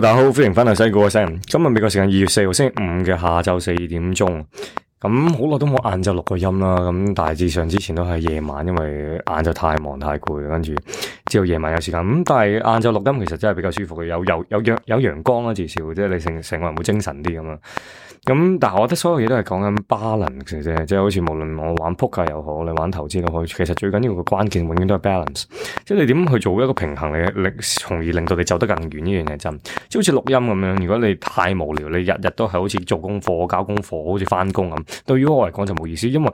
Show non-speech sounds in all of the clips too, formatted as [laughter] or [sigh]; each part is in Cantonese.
大家好，歡迎翻嚟西股嘅聲。今日美國時間二月四號星期五嘅下晝四點鐘，咁好耐都冇晏晝錄個音啦。咁大致上之前都係夜晚，因為晏晝太忙太攰，跟住之後夜晚有時間。咁但係晏晝錄音其實真係比較舒服嘅，有有有陽有陽光啦、啊，至少即係你成成個人會精神啲咁樣。咁、嗯、但係我覺得所有嘢都係講緊 balance 啫，即係好似無論我玩撲街又好，你玩投資又好，其實最緊要個關鍵永遠都係 balance，即係你點去做一個平衡嚟令，從而令到你走得更遠呢樣嘢真，即係好似錄音咁樣，如果你太無聊，你日日都係好似做功課、交功課，好似翻工咁，對於我嚟講就冇意思，因為，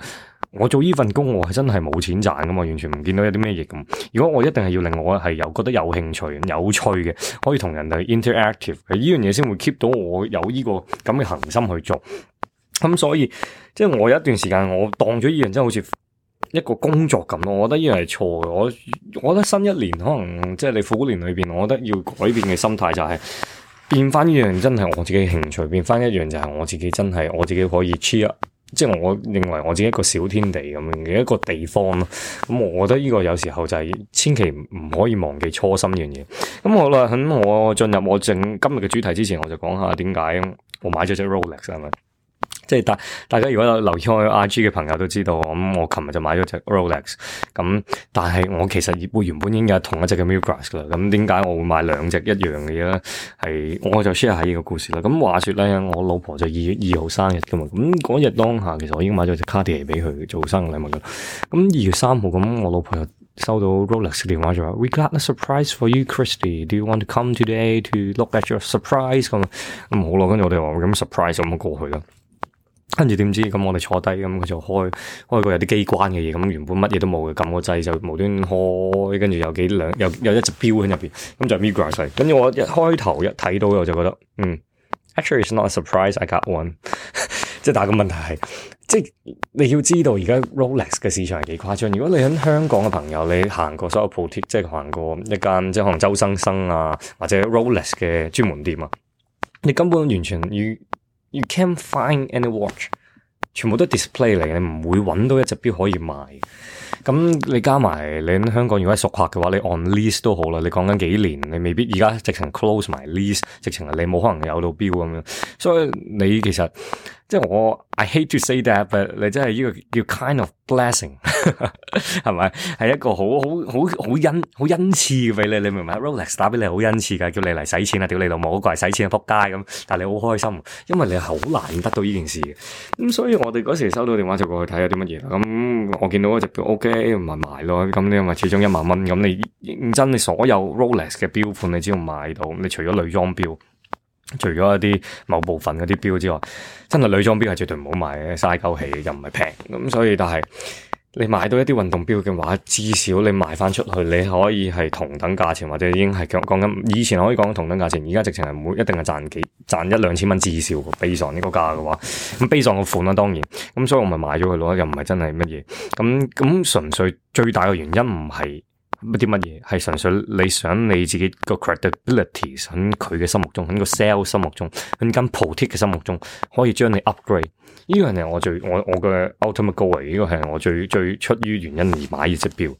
我做呢份工，我係真係冇錢賺噶嘛，完全唔見到有啲咩嘢咁。如果我一定係要令我係有覺得有興趣、有趣嘅，可以同人哋 interactive，呢樣嘢先會 keep 到我有呢、這個咁嘅恆心去做。咁、嗯、所以，即係我有一段時間我當咗呢樣真係好似一個工作咁咯。我覺得呢樣係錯嘅。我我覺得新一年可能即係你虎年裏邊，我覺得要改變嘅心態就係、是、變翻呢樣真係我自己嘅興趣，變翻一樣就係我自己真係我自己可以 cheer。即係我認為我自己一個小天地咁樣嘅一個地方咯，咁我覺得呢個有時候就係千祈唔可以忘記初心呢樣嘢。咁好啦，喺我進入我正今日嘅主題之前，我就講下點解我買咗隻 Rolex 係咪？即係大大家如果有留意我嘅 I.G 嘅朋友都知道，咁、嗯、我琴日就買咗隻 Rolex 咁、嗯，但係我其實會原本已經有同一隻嘅 Milgras 噶啦。咁點解我會買兩隻一樣嘅嘢咧？係我就 share 喺呢個故事啦。咁、嗯、話說咧，我老婆就二月二號生日噶嘛，咁、嗯、嗰日當下其實我已經買咗隻 Cartier 俾佢做生日禮物噶。咁、嗯、二月三號咁，我老婆就收到 Rolex 電話就話，We got a surprise for you, Christy。Do you want to come today to look at your surprise？咁咁、嗯嗯、好啦，跟住我哋話咁 surprise 咁、嗯、冇過去啊？跟住點知咁，我哋坐低，咁佢就開開個有啲機關嘅嘢，咁原本乜嘢都冇嘅，撳個掣就無端開，跟住有幾兩有有一隻錶喺入邊，咁就 Migros 嚟。跟住我一開頭一睇到我就覺得，嗯，actually it's not a surprise I got one。 [laughs] 即係但係個問題係，即係你要知道而家 Rolex 嘅市場係幾誇張。如果你喺香港嘅朋友，你行過所有鋪頭，即係行過一間即係可能周生生啊，或者 Rolex 嘅專門店啊，你根本完全要。You can't find any watch，全部都 display 嚟，你唔會揾到一隻錶可以賣。咁你加埋你香港，如果係熟客嘅話，你 on list 都好啦。你講緊幾年，你未必而家直情 close 埋 list，直情你冇可能有到錶咁樣。所以你其實即係我，I hate to say that，你真係呢個叫 kind of blessing，係咪？係一個好好好好恩好恩賜畀你，你明唔明啊？Rolex 打畀你好恩賜噶，叫你嚟使錢啊，屌你老母，我過嚟使錢啊，扑街咁。但係你好開心，因為你好難得到呢件事咁、嗯、所以我哋嗰時收到電話就過去睇有啲乜嘢，咁我見到隻表，OK，咪買咯。咁你咪始終一萬蚊。咁你認真你所有 Rolex 嘅表款，你只要買到，你除咗女裝表。除咗一啲某部分嗰啲表之外，真係女裝表係絕對唔好買嘅，嘥鳩氣，又唔係平。咁所以，但係你買到一啲運動表嘅話，至少你賣翻出去，你可以係同等價錢，或者已經係講講緊以前可以講同等價錢，而家直情係唔一定係賺幾賺一兩千蚊至少。悲喪呢個價嘅話，咁悲喪個款啦，當然。咁所以我咪買咗佢咯，又唔係真係乜嘢。咁咁純粹最大嘅原因唔係。乜啲乜嘢，係純粹你想你自己個 credibility 喺佢嘅心目中，喺個 sale 心目中，喺間 polit 嘅心目中，可以將你 upgrade。呢、呢個係我最我我嘅 ultimate goal。呢個係我最最出於原因而買嘅隻表。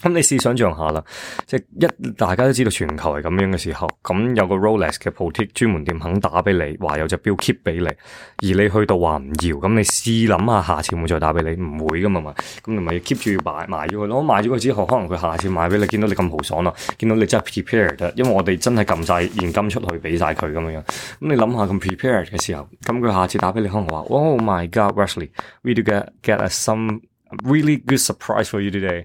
咁你試想象下啦，即係一大家都知道全球係咁樣嘅時候，咁有個 Rolex 嘅 boutique 專門店肯打畀你，話有隻表 keep 俾你，而你去到話唔要，咁你試諗下，下次會再打畀你唔會噶嘛嘛？咁你咪 keep 住要買，買咗佢咯。賣咗佢之後，可能佢下次買畀你，見到你咁豪爽啦、啊，見到你真係 prepared，因為我哋真係撳晒現金出去畀晒佢咁樣。咁你諗下咁 prepared 嘅時候，咁佢下次打畀你，可能話 Oh my God, Wesley, we do get get some really good surprise for you today。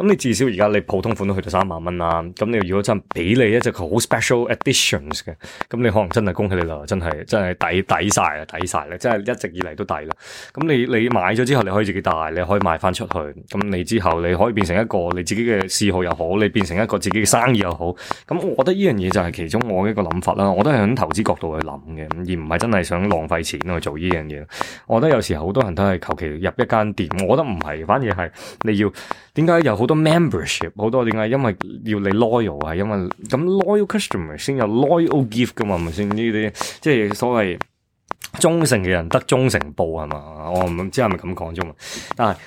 咁你至少而家你普通款都去到三萬蚊啦，啊，咁你如果真係俾你一隻好 special editions 嘅，咁你可能真係恭喜你啦，真係真係抵抵晒啊，抵晒啦，真係一直以嚟都抵啦。咁你你買咗之後你可以自己戴，你可以賣翻出去。咁你之後你可以變成一個你自己嘅嗜好又好，你變成一個自己嘅生意又好。咁我覺得呢樣嘢就係其中我一個諗法啦。我都係響投資角度去諗嘅，而唔係真係想浪費錢去做呢樣嘢。我覺得有時好多人都係求其入一間店，我覺得唔係反而係你要點解有好多好多 membership 好多點解？因為要你 loyal 啊，因為咁 loyal customer 先有 loyal gift 噶嘛，係咪先呢啲即係所謂忠誠嘅人得忠誠報係嘛？我唔知係咪咁講啫嘛，但係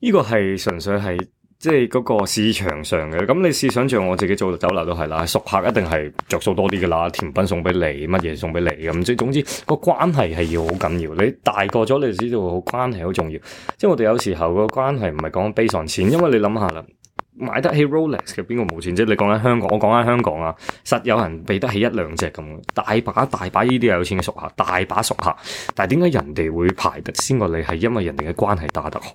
呢個係純粹係。即係嗰個市場上嘅，咁你試想象我自己做酒樓都係啦，熟客一定係着數多啲嘅啦，甜品送俾你，乜嘢送俾你咁，即、嗯、係總之個關係係要好緊要。你大個咗你就知道，關係好重要。即係我哋有時候個關係唔係講悲常錢，因為你諗下啦，買得起 Rolex 嘅邊個冇錢啫？你講緊香港，我講緊香港啊，實有人俾得起一兩隻咁，大把大把呢啲有錢嘅熟客，大把熟客，但係點解人哋會排得先過你？係因為人哋嘅關係打得好。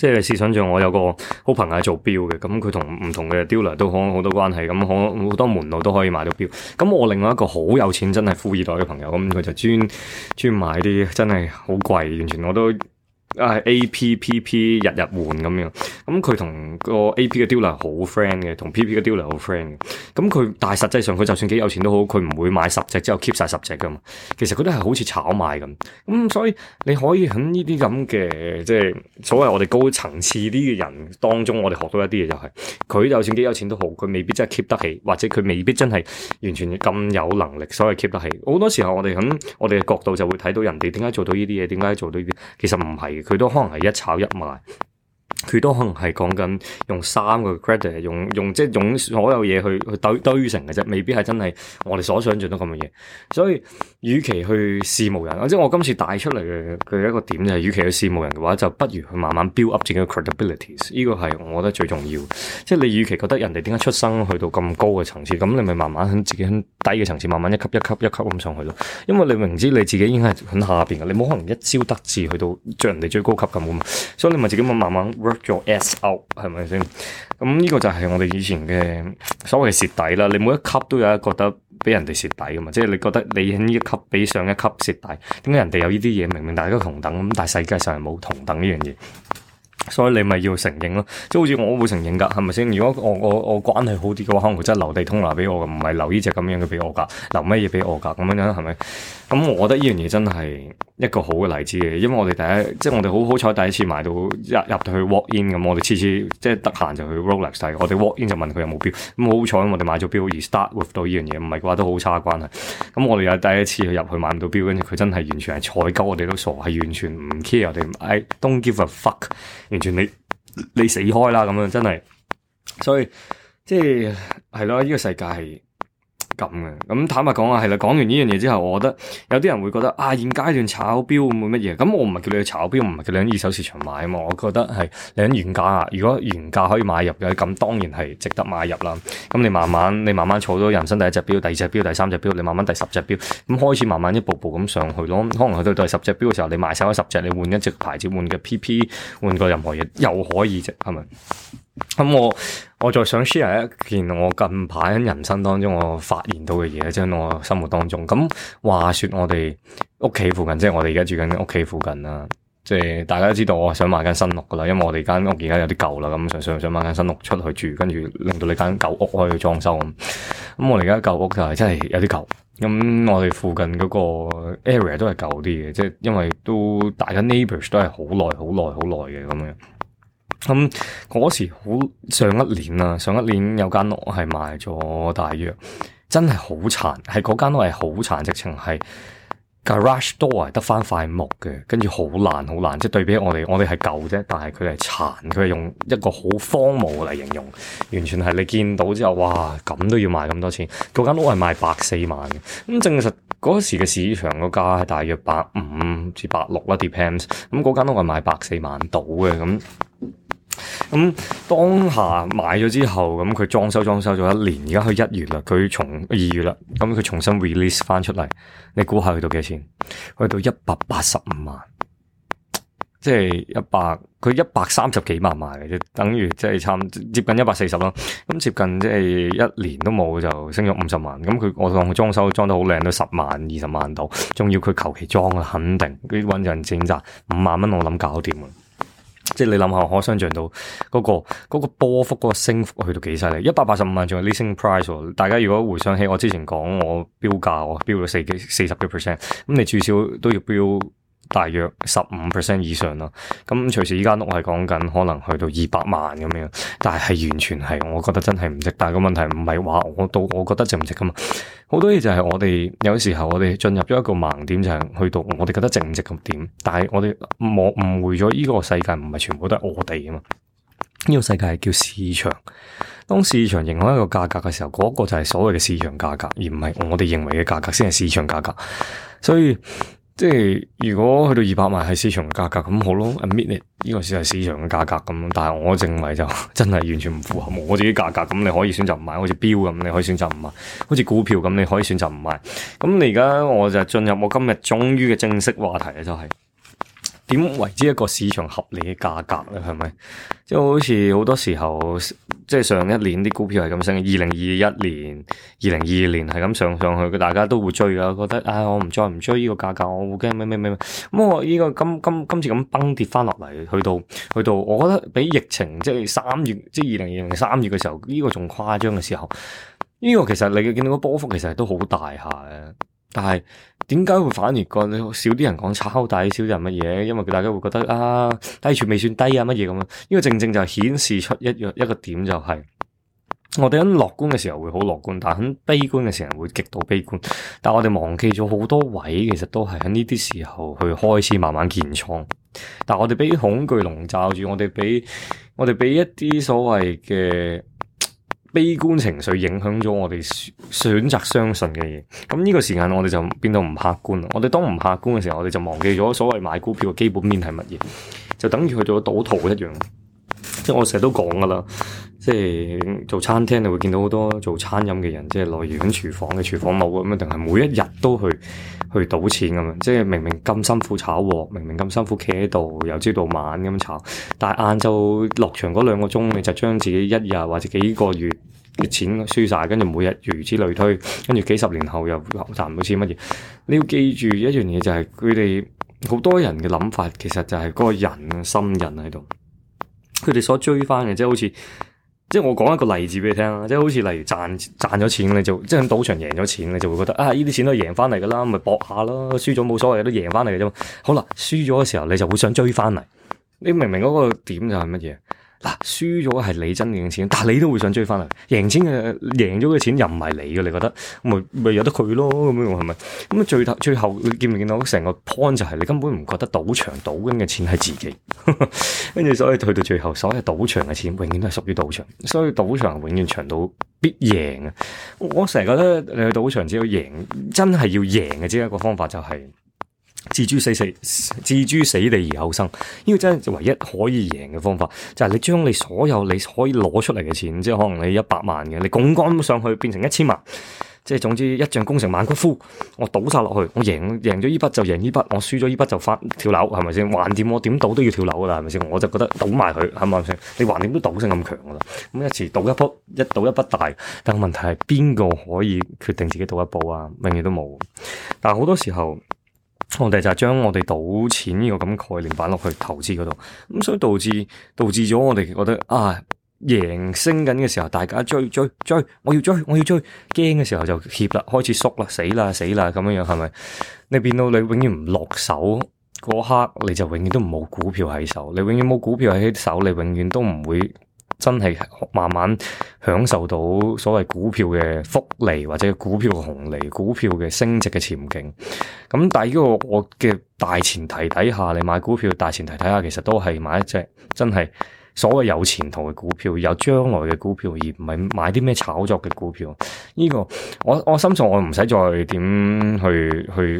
即係試想像，我有個好朋友係做表嘅，咁佢同唔同嘅 dealer 都好多關係，咁好好多門路都可以買到表。咁我另外一個好有錢，真係富二代嘅朋友，咁佢就專專買啲真係好貴，完全我都。啊，A P P P 日日換咁樣，咁佢同個 A P 嘅 dealer 好 friend 嘅，同 P P 嘅 dealer 好 friend 嘅。咁、嗯、佢但係實際上佢就算幾有錢都好，佢唔會買十隻之後 keep 晒十隻噶嘛。其實佢都係好似炒賣咁。咁、嗯、所以你可以喺呢啲咁嘅，即係所謂我哋高層次啲嘅人當中，我哋學到一啲嘢就係、是，佢就算幾有錢都好，佢未必真係 keep 得起，或者佢未必真係完全咁有能力所謂 keep 得起。好多時候我哋喺我哋嘅角度就會睇到人哋點解做到呢啲嘢，點解做到呢啲，其實唔係。佢都可能係一炒一賣。佢都可能係講緊用三個 credit，用用即係用所有嘢去去堆堆成嘅啫，未必係真係我哋所想像得咁嘅嘢。所以，與其去羨慕人，即係我今次帶出嚟嘅佢一個點就係、是，與其去羨慕人嘅話，就不如去慢慢 build up 自己嘅 credibilities。呢個係我覺得最重要。即係你與其覺得人哋點解出生去到咁高嘅層次，咁你咪慢慢喺自己喺低嘅層次慢慢一級一級一級咁上去咯。因為你明知你自己已經係喺下邊嘅，你冇可能一朝得志去到著人哋最高級咁啊嘛。所以你咪自己慢慢。做 S.O. 係咪先？咁呢、嗯，這個就係我哋以前嘅所謂蝕底啦。你每一級都有一個覺得俾人哋蝕底嘅嘛？即係你覺得你喺呢一級比上一級蝕底，點解人哋有呢啲嘢？明明大家都同等，咁但係世界上係冇同等呢樣嘢。所以你咪要承認咯，即係好似我都會承認㗎，係咪先？如果我我我關係好啲嘅話，可能會真係留地通拿俾我㗎，唔係留呢隻咁樣嘅俾我㗎，留咩嘢俾我㗎咁樣咧？係咪？咁、嗯、我覺得呢樣嘢真係一個好嘅例子嘅，因為我哋第一，即係我哋好好彩，第一次買到入入到去 walk in 咁，我哋次次即係得閒就去 Rolex 我哋 walk in 就問佢有冇錶、嗯，咁好彩我哋買咗錶而 start with 到呢樣嘢，唔係嘅話都好差關係。咁、嗯、我哋又第一次去入去買唔到錶，跟住佢真係完全係菜鳩，我哋都傻，係完全唔 care，我哋，Idon't give a fuck。完全你你死開啦咁樣真係，所以即係係咯，呢個世界係。咁嘅，咁、嗯、坦白講啊，係啦，講完呢樣嘢之後，我覺得有啲人會覺得啊，現階段炒標冇乜嘢？咁、嗯、我唔係叫你去炒標，唔係叫你喺二手市場買啊嘛。我覺得係你喺原價啊，如果原價可以買入嘅，咁當然係值得買入啦。咁、嗯、你慢慢，你慢慢儲到人生第一隻標、第二隻標、第三隻標，你慢慢第十隻標，咁、嗯、開始慢慢一步步咁上去咯。可能去到第十隻標嘅時候，你賣晒十隻，你換一隻牌子，換個 PP，換個任何嘢又可以啫，係咪？咁、嗯、我我再想 share 一件我近排喺人生當中我發現到嘅嘢，即係我生活當中。咁、嗯、話說我哋屋企附近，即係我哋而家住緊屋企附近啦。即係大家都知道，我想買間新屋噶啦，因為我哋間屋而家有啲舊啦，咁想想想買間新屋出去住，跟住令到你間舊屋可以裝修。咁、嗯，咁、嗯、我哋而家舊屋就係真係有啲舊。咁、嗯、我哋附近嗰個 area 都係舊啲嘅，即係因為都大家 neighbors 都係好耐、好耐、好耐嘅咁樣。咁嗰、嗯、時好上一年啊，上一年有間屋係賣咗，大約真係好殘，係嗰間屋係好殘，直情係 garage door 係得翻塊木嘅，跟住好爛好爛。即係、就是、對比我哋，我哋係舊啫，但係佢係殘，佢係用一個好荒蕪嚟形容，完全係你見到之後，哇咁都要賣咁多錢？嗰間屋係賣百四萬嘅。咁、嗯、正實嗰時嘅市場個價係大約百五至百六啦，depends。咁嗰間屋係賣百四萬到嘅咁。嗯咁、嗯、當下買咗之後，咁佢裝修裝修咗一年，而家去一月啦，佢從二月啦，咁、嗯、佢重新 release 翻出嚟，你估下佢到幾多錢？去到一百八十五萬，即係一百，佢一百三十幾萬買嘅，等於即係差接近一百四十啦。咁、嗯、接近即係一年都冇就升咗五十萬，咁、嗯、佢我當佢裝修裝得好靚，都十萬二十萬度，仲要佢求其裝啊，肯定佢搵人整咋，五萬蚊我諗搞掂啦。即係你諗下，我可想象到嗰、嗰個、嗰個波幅、嗰個升幅去到幾犀利？一百八十五萬仲有 listing price，大家如果回想起我之前講我標價，我標到四幾四十幾 percent，咁你至少都要標大約十五 percent 以上啦。咁隨時依家我係講緊，可能去到二百萬咁樣，但係完全係，我覺得真係唔值。但係個問題唔係話我都，我覺得值唔值噶嘛。好多嘢就係我哋有時候我哋進入咗一個盲點，就係、是、去到我哋覺得值唔值咁點，但係我哋誤誤會咗呢個世界唔係全部都係我哋啊嘛。呢、這個世界係叫市場，當市場認可一個價格嘅時候，嗰、那個就係所謂嘅市場價格，而唔係我哋認為嘅價格先係市場價格。所以即係如果去到二百萬係市場嘅價格，咁好咯，admit it。呢個先係市場嘅價格咁，但係我認為，就真係完全唔符合我自己價格咁，你可以選擇唔買，好似標咁，你可以選擇唔買，好似股票咁，你可以選擇唔買。咁你而家我就進入我今日終於嘅正式話題，就係點為之一個市場合理嘅價格咧，係咪？即係好似好多時候。即係上一年啲股票係咁升，二零二一年、二零二二年係咁上上去，大家都會追啊！覺得唉，我唔再唔追呢個價格，我會驚咩咩咩咩。咁我呢個今今今次咁崩跌翻落嚟，去到去到，我覺得比疫情即係三月，即係二零二零三月嘅時候，呢個仲誇張嘅時候，呢個其實你見到個波幅其實都好大下嘅，但係。點解會反而覺得少啲人講抄底，少啲人乜嘢？因為大家會覺得啊，低處未算低啊，乜嘢咁樣？因為正正就顯示出一個一個點，就是，就係我哋喺樂觀嘅時候會好樂觀，但喺悲觀嘅時候會極度悲觀。但係我哋忘記咗好多位，其實都係喺呢啲時候去開始慢慢建倉。但係我哋畀恐懼籠罩住，我哋畀我哋俾一啲所謂嘅。悲觀情緒影響咗我哋選擇相信嘅嘢，咁呢個時間我哋就變到唔客觀啦。我哋當唔客觀嘅時候，我哋就忘記咗所謂買股票嘅基本面係乜嘢，就等於去做賭徒一樣。我成日都講噶啦，即係做餐廳你會見到好多做餐飲嘅人，即係落嚟喺廚房嘅廚房冇咁啊，定係每一日都去去賭錢咁啊？即係明明咁辛苦炒鑊，明明咁辛苦企喺度，由朝到晚咁炒，但係晏晝落場嗰兩個鐘，你就將自己一日或者幾個月嘅錢輸晒，跟住每日如此類推，跟住幾十年後又賺唔到錢乜嘢？你要記住一樣嘢就係佢哋好多人嘅諗法，其實就係嗰個人嘅心人喺度。佢哋所追翻嘅，即係好似，即係我講一個例子畀你聽啦，即係好似例如賺賺咗錢，你就即係喺賭場贏咗錢，你就會覺得啊，呢啲錢都係贏翻嚟噶啦，咪搏下咯，輸咗冇所謂，都贏翻嚟嘅啫嘛。好啦，輸咗嘅時候，你就會想追翻嚟。你明唔明嗰個點就係乜嘢？嗱、啊，輸咗嘅係你真正嘅錢，但係你都會想追翻嚟。贏錢嘅，贏咗嘅錢又唔係你嘅，你覺得咪咪有得佢咯？咁樣係咪？咁啊最頭最後，你見唔見到成個 point 就係你根本唔覺得賭場賭緊嘅錢係自己。跟 [laughs] 住，所以去到最後，所有賭場嘅錢永遠都係屬於賭場，所以賭場永遠長到必贏啊！我成日覺得你去賭場只要贏，真係要贏嘅只一個方法就係、是。置諸死地而後生，呢個真係唯一可以贏嘅方法就係、是、你將你所有你可以攞出嚟嘅錢，即係可能你一百萬嘅，你槓桿上去變成一千萬，即係總之一將功成萬骨枯，我賭晒落去，我贏贏咗呢筆就贏呢筆，我輸咗呢筆就翻跳樓，係咪先？橫掂我點賭都要跳樓噶啦，係咪先？我就覺得賭埋佢，係咪先？你橫掂都賭性咁強噶啦，咁一次賭一鋪，一賭一筆大，但係問題係邊個可以決定自己賭一步啊？永遠都冇，但係好多時候。我哋就將我哋賭錢呢個咁概念擺落去投資嗰度，咁所以導致導致咗我哋覺得啊，贏升緊嘅時候大家追追追，我要追我要追，驚嘅時候就怯啦，開始縮啦，死啦死啦咁樣樣係咪？你變到你永遠唔落手嗰刻，你就永遠都冇股票喺手，你永遠冇股票喺手，你永遠都唔會。真係慢慢享受到所謂股票嘅福利或者股票紅利、股票嘅升值嘅前景。咁、嗯、但係呢個我嘅大前提底下你買股票，大前提底下其實都係買一隻真係所謂有前途嘅股票、有將來嘅股票，而唔係買啲咩炒作嘅股票。呢、這個我我深信我唔使再點去去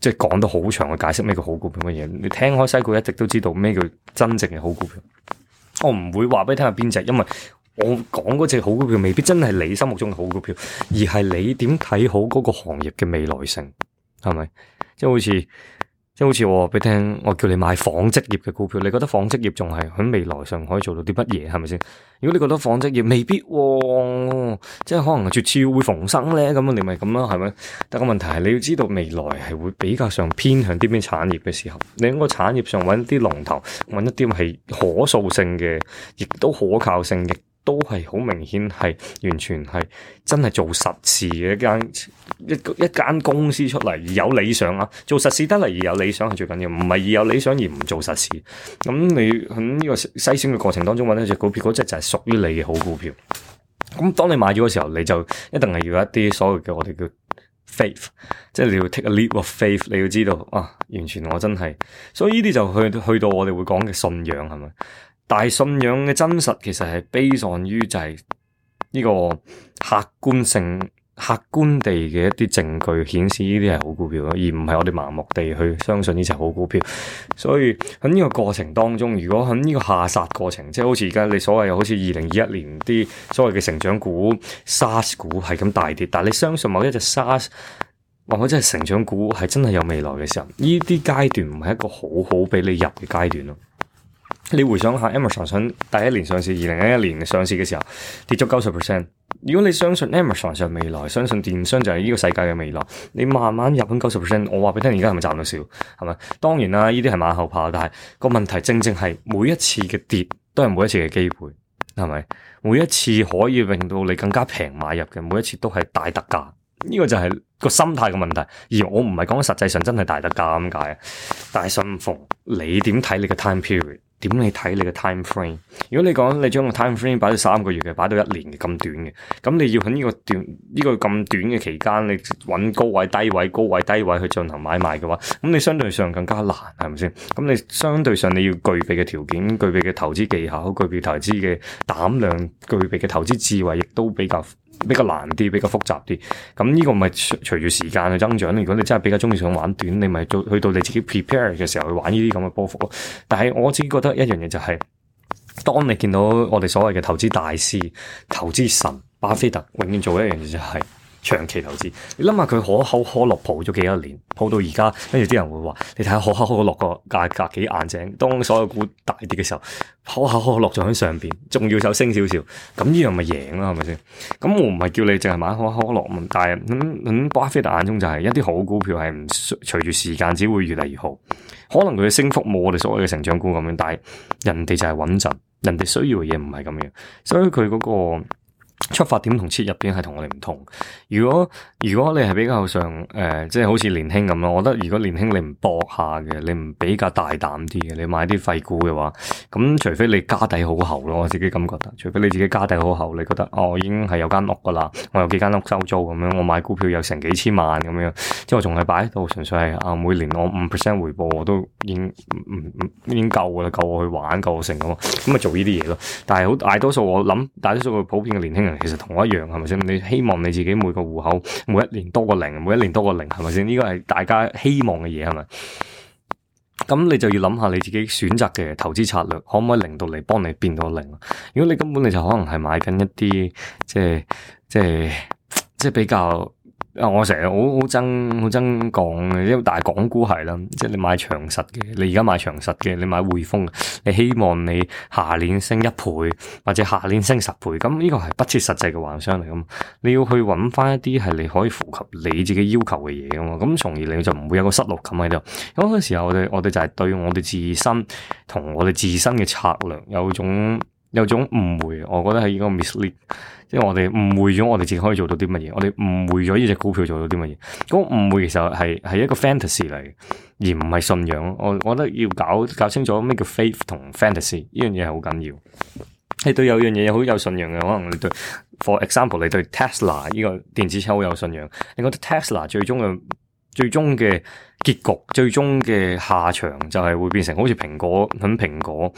即係、就是、講得好長嘅解釋咩叫好股票嘅嘢，你聽開西股一直都知道咩叫真正嘅好股票。我唔會話畀你聽係邊隻，因為我講嗰隻好股票未必真係你心目中好股票，而係你點睇好嗰個行業嘅未來性，係咪？即係好似。好似俾你聽我叫你買紡織業嘅股票，你覺得紡織業仲係喺未來上可以做到啲乜嘢？係咪先？如果你覺得紡織業未必，哦、即係可能絕處會逢生咧，咁你咪咁咯，係咪？但個問題係你要知道未來係會比較上偏向啲咩產業嘅時候，你應該產業上揾啲龍頭，揾一啲係可塑性嘅，亦都可靠性嘅。都係好明顯係完全係真係做實事嘅一間一一間公司出嚟，而有理想啊，做實事得嚟而有理想係最緊要，唔係而有理想而唔做實事。咁你喺呢個篩選嘅過程當中，揾到隻股票，嗰隻就係屬於你嘅好股票。咁當你買咗嘅時候，你就一定係要一啲所謂嘅我哋叫 faith，即係你要 take a leap of faith，你要知道啊，完全我真係。所以呢啲就去去到我哋會講嘅信仰係咪？但大信仰嘅真實其實係悲壯於就係呢個客觀性、客觀地嘅一啲證據顯示呢啲係好股票咯，而唔係我哋盲目地去相信呢隻好股票。所以喺呢個過程當中，如果喺呢個下殺過程，即係好似而家你所謂好似二零二一年啲所謂嘅成長股、s a 沙 s 股係咁大跌，但係你相信某一 s a 隻 s 或我真係成長股係真係有未來嘅時候，呢啲階段唔係一個好好畀你入嘅階段咯。你回想下，Amazon 想第一年上市，二零一一年上市嘅時候跌咗九十 percent。如果你相信 Amazon 係未來，相信電商就係呢個世界嘅未來，你慢慢入到九十 percent，我話俾你聽，而家係咪賺到少？係咪？當然啦，呢啲係馬後炮，但係個問題正正係每一次嘅跌都係每一次嘅機會，係咪？每一次可以令到你更加平買入嘅，每一次都係大特價。呢個就係個心態嘅問題，而我唔係講實際上真係大特價咁解。但係視乎你點睇你嘅 time period？點你睇你個 time frame？如果你講你將個 time frame 擺到三個月嘅，擺到一年嘅咁短嘅，咁你要喺呢個短呢、呢個咁短嘅期間，你揾高位、低位、高位、低位去進行買賣嘅話，咁你相對上更加難，係咪先？咁你相對上你要具備嘅條件、具備嘅投資技巧、具備投資嘅膽量、具備嘅投資智慧，亦都比較。比較難啲，比較複雜啲。咁呢個咪隨隨住時間嘅增長。如果你真係比較鍾意想玩短，你咪做去到你自己 prepare 嘅時候去玩呢啲咁嘅波幅。但係我自己覺得一樣嘢就係，當你見到我哋所謂嘅投資大師、投資神巴菲特，永遠做一樣嘢就係。長期投資，你諗下佢可口可樂抱咗幾多年，抱到而家，跟住啲人會話：你睇下可口可樂個價格幾硬淨。當所有股大跌嘅時候，可口可樂仲喺上邊，仲要手升少少，咁呢樣咪贏啦，係咪先？咁我唔係叫你淨係買可口可樂，但係喺巴菲特眼中就係一啲好股票係唔隨住時間只會越嚟越好。可能佢升幅冇我哋所謂嘅成長股咁樣，但係人哋就係穩陣，人哋需要嘅嘢唔係咁樣，所以佢嗰個。出發點同切入點係同我哋唔同。如果如果你係比較上誒、呃，即係好似年輕咁咯，我覺得如果年輕你唔搏下嘅，你唔比較大膽啲嘅，你買啲廢股嘅話，咁除非你家底好厚咯，我自己感覺得，除非你自己家底好厚，你覺得哦已經係有間屋㗎啦，我有幾間屋收租咁樣，我買股票有成幾千萬咁樣，即係我仲係擺喺度，純粹係啊每年我五 percent 回報我都已經唔唔已經夠㗎啦，夠我去玩，夠我成咁，咁咪做呢啲嘢咯。但係好大多數我諗，大多數個普遍嘅年輕人。其實同我一樣係咪先？你希望你自己每個戶口每一年多個零，每一年多個零係咪先？呢個係大家希望嘅嘢係咪？咁你就要諗下你自己選擇嘅投資策略可唔可以令到你幫你變到零？如果你根本你就可能係買緊一啲即係即係即係比較。我成日好好憎好憎講嘅，因為大講古係啦，即係你買長實嘅，你而家買長實嘅，你買匯豐，你希望你下年升一倍，或者下年升十倍，咁呢個係不切實際嘅幻想嚟㗎嘛？你要去揾翻一啲係你可以符合你自己要求嘅嘢㗎嘛？咁從而你就唔會有個失落感喺度。嗰個時候我哋我哋就係對我哋自身同我哋自身嘅策略有種有種誤會，我覺得係一個 mislead。即係我哋誤會咗，我哋自己可以做到啲乜嘢？我哋誤會咗呢隻股票做到啲乜嘢？咁誤會其實係係一個 fantasy 嚟嘅，而唔係信仰。我我覺得要搞搞清楚咩叫 faith 同 fantasy 呢樣嘢係好緊要。你對有樣嘢好有信仰嘅，可能你對，for example，你對 Tesla 呢個電子車好有信仰。你覺得 Tesla 最終嘅最終嘅結局、最終嘅下場就係會變成好似蘋果、咁蘋果？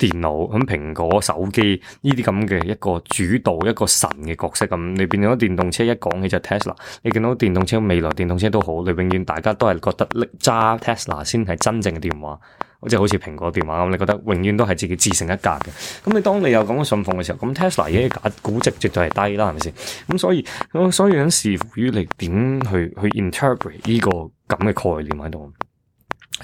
電腦咁蘋果手機呢啲咁嘅一個主導一個神嘅角色咁，你變咗電動車一講起就 Tesla，你見到電動車未來電動車都好，你永遠大家都係覺得揸 Tesla 先係真正嘅電話，即係好似蘋果電話咁，你覺得永遠都係自己自成一格嘅。咁你當你有咁嘅信奉嘅時候，咁 Tesla 嘅價估值絕對係低啦，係咪先？咁所以咁所以響視乎於你點去去 interpret 呢個咁嘅概念喺度。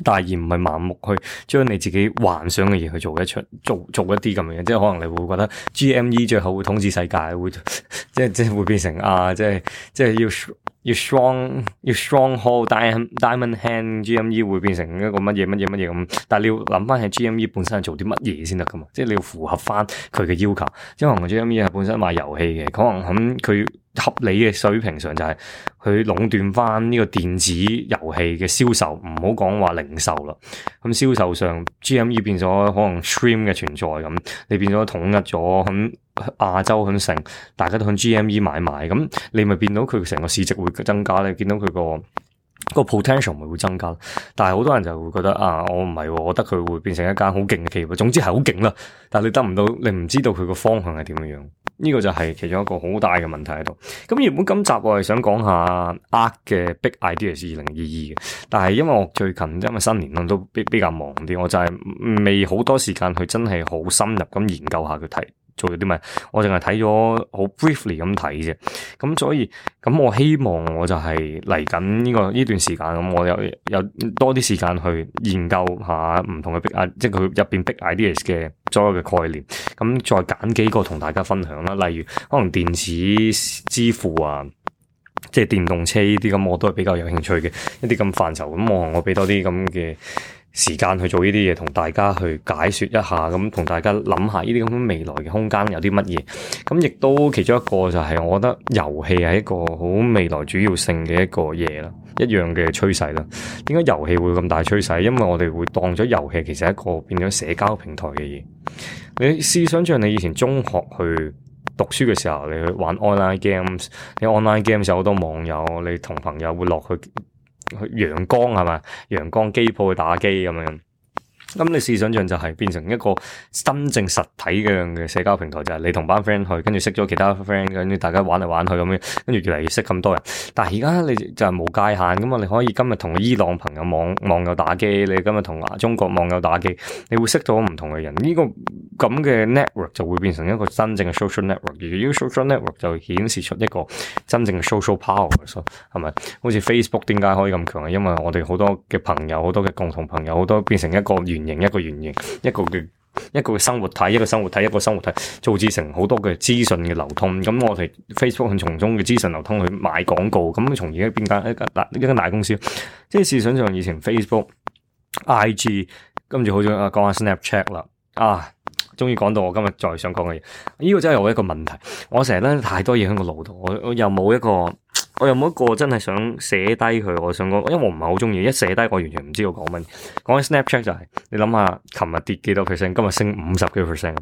大而唔係盲目去將你自己幻想嘅嘢去做一出，做做一啲咁樣嘢，即係可能你會覺得 GME 最後會統治世界，會 [laughs] 即係即係會變成啊，即係即係要要 strong 要 stronghold diamond hand GME 會變成一個乜嘢乜嘢乜嘢咁。但你要諗翻起 GME 本身係做啲乜嘢先得噶嘛？即係你要符合翻佢嘅要求。即可能 GME 係本身賣遊戲嘅，可能咁佢。嗯合理嘅水平上就係佢壟斷翻呢個電子遊戲嘅銷售，唔好講話零售啦。咁銷售上，GME 變咗可能 Steam 嘅存在咁，你變咗統一咗咁亞洲，喺成大家都向 GME 買賣，咁你咪變到佢成個市值會增加咧。見到佢個。個 potential 咪會增加，但係好多人就會覺得啊，我唔係、喎，我覺得佢會變成一間好勁嘅企業，總之係好勁啦。但係你得唔到，你唔知道佢個方向係點樣，呢個就係其中一個好大嘅問題喺度。咁原本今集我係想講下 ARK 嘅 Big Ideas 二零二二嘅，但係因為我最近因為新年都比比較忙啲，我就係未好多時間去真係好深入咁研究下佢睇。做咗啲咩？我淨係睇咗好 briefly 咁睇啫。咁所以咁我希望我就係嚟緊呢個呢段時間咁，我有有多啲時間去研究下唔同嘅 big，即係佢入邊 big ideas 嘅所有嘅概念。咁再揀幾個同大家分享啦。例如可能電子支付啊，即係電動車呢啲咁，我都係比較有興趣嘅一啲咁範疇。咁我我俾多啲咁嘅時間去做呢啲嘢，同大家去解說一下，咁同大家諗下呢啲咁未來嘅空間有啲乜嘢。咁亦都其中一個就係，我覺得遊戲係一個好未來主要性嘅一個嘢啦，一樣嘅趨勢啦。點解遊戲會咁大趨勢？因為我哋會當咗遊戲其實係一個變咗社交平台嘅嘢。你試想像你以前中學去讀書嘅時候，你去玩 online games，你 online games 有好多網友，你同朋友會落去。去陽江係咪？陽江機鋪去打機咁樣。咁你試想像就係變成一個真正實體嘅社交平台，就係你同班 friend 去，跟住識咗其他 friend，跟住大家玩嚟玩去咁樣，跟住越嚟越識咁多人。但係而家你就係無界限，咁啊你可以今日同伊朗朋友網網友打機，你今日同中國網友打機，你會識到唔同嘅人。呢個咁嘅 network 就會變成一個真正嘅 social network。而呢個 social network 就顯示出一個真正嘅 social power，係咪？好似 Facebook 點解可以咁強啊？因為我哋好多嘅朋友，好多嘅共同朋友，好多變成一個圓。型一個圓形，一個嘅，一個生活體，一個生活體，一個生活體，造成成好多嘅資訊嘅流通。咁我哋 Facebook 從中嘅資訊流通去買廣告。咁從而家邊間一間大一間大公司，即係事想想以前 Facebook、IG，跟住好咗啊，講下 Snapchat 啦。啊，終於講到我今日再想講嘅嘢。呢個真係我一個問題。我成日咧太多嘢喺個腦度，我我又冇一個。我又冇一個真係想寫低佢，我想講，因為我唔係好中意，一寫低我完全唔知道講乜。講緊 Snapchat 就係、是，你諗下，琴日跌多幾多 percent，今日升五十幾 percent，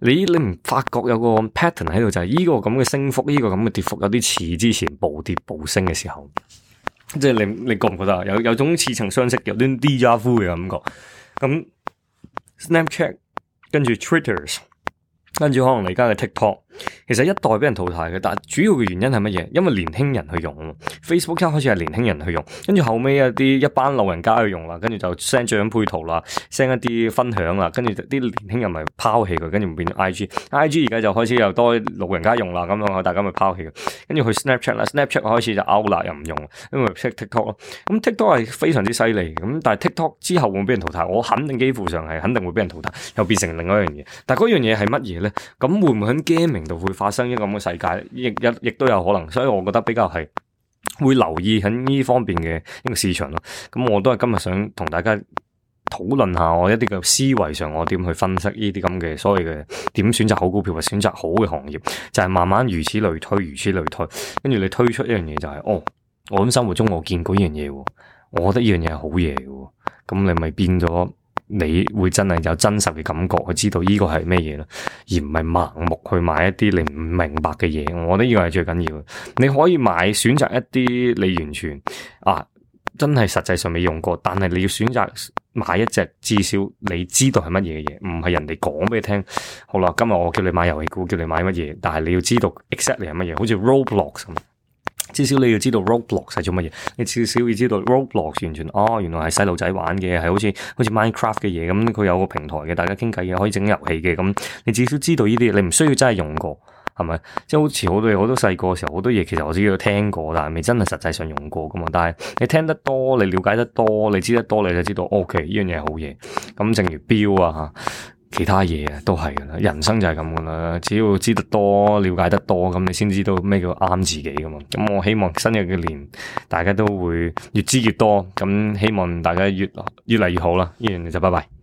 你你唔發覺有個 pattern 喺度，就係呢個咁嘅升幅，呢、這個咁嘅跌幅有啲似之前暴跌暴升嘅時候，即係你你覺唔覺得啊？有有種似曾相識、有啲 deja vu 嘅感覺。咁 Snapchat 跟住 Twitter，跟住可能你而家嘅 TikTok、ok。其實一代俾人淘汰嘅，但係主要嘅原因係乜嘢？因為年輕人去用 Facebook 一開始係年輕人去用，跟住後尾一啲一班老人家去用啦，跟住就 send 張配圖啦，send 一啲分享啦，跟住啲年輕人咪拋棄佢，跟住變到 I G，I G 而家就開始又多老人家用啦，咁樣，大家咪拋棄佢，跟住去 Snapchat 啦，Snapchat 開始就 out 啦，又唔用，咁咪 pick TikTok 咯。咁 TikTok 係非常之犀利，咁但係 TikTok 之後會唔會俾人淘汰？我肯定幾乎上係肯定會俾人淘汰，又變成另外一樣嘢，但係嗰樣嘢係乜嘢咧？咁會唔會喺 gaming？就會發生一個咁嘅世界，亦有亦都有可能，所以我覺得比較係會留意喺呢方面嘅呢個市場咯。咁我都係今日想同大家討論下我一啲嘅思維上，我點去分析呢啲咁嘅所謂嘅點選擇好股票，或者選擇好嘅行業，就係慢慢如此類推，如此類推，跟住你推出一樣嘢就係哦，我喺生活中我見過一樣嘢，我覺得呢樣嘢係好嘢嘅，咁你咪變咗。你會真係有真實嘅感覺去知道呢個係乜嘢咯，而唔係盲目去買一啲你唔明白嘅嘢。我覺得呢個係最緊要，你可以買選擇一啲你完全啊真係實際上未用過，但係你要選擇買一隻至少你知道係乜嘢嘅嘢，唔係人哋講畀你聽。好啦，今日我叫你買遊戲股，叫你買乜嘢，但係你要知道 exactly 係乜嘢，好似 Roblox 咁。至少你要知道 Roblox 係做乜嘢，你至少要知道 Roblox 完全哦，原來係細路仔玩嘅，係好似好似 Minecraft 嘅嘢咁，佢、嗯、有個平台嘅，大家傾偈嘅，可以整遊戲嘅咁。你至少知道呢啲嘢，你唔需要真係用過，係咪？即、就、係、是、好似好多好多細個嘅時候好多嘢，其實我自己都聽過，但係未真係實際上用過噶嘛。但係你聽得多，你瞭解得多，你知得多，你就知道 O K 呢樣嘢係好嘢。咁、嗯、正如表啊嚇。其他嘢都係噶啦，人生就係咁噶啦。只要知得多，了解得多，咁你先知道咩叫啱自己噶嘛。咁我希望新嘅一年，大家都會越知越多。咁希望大家越越嚟越好啦。呢完就拜拜。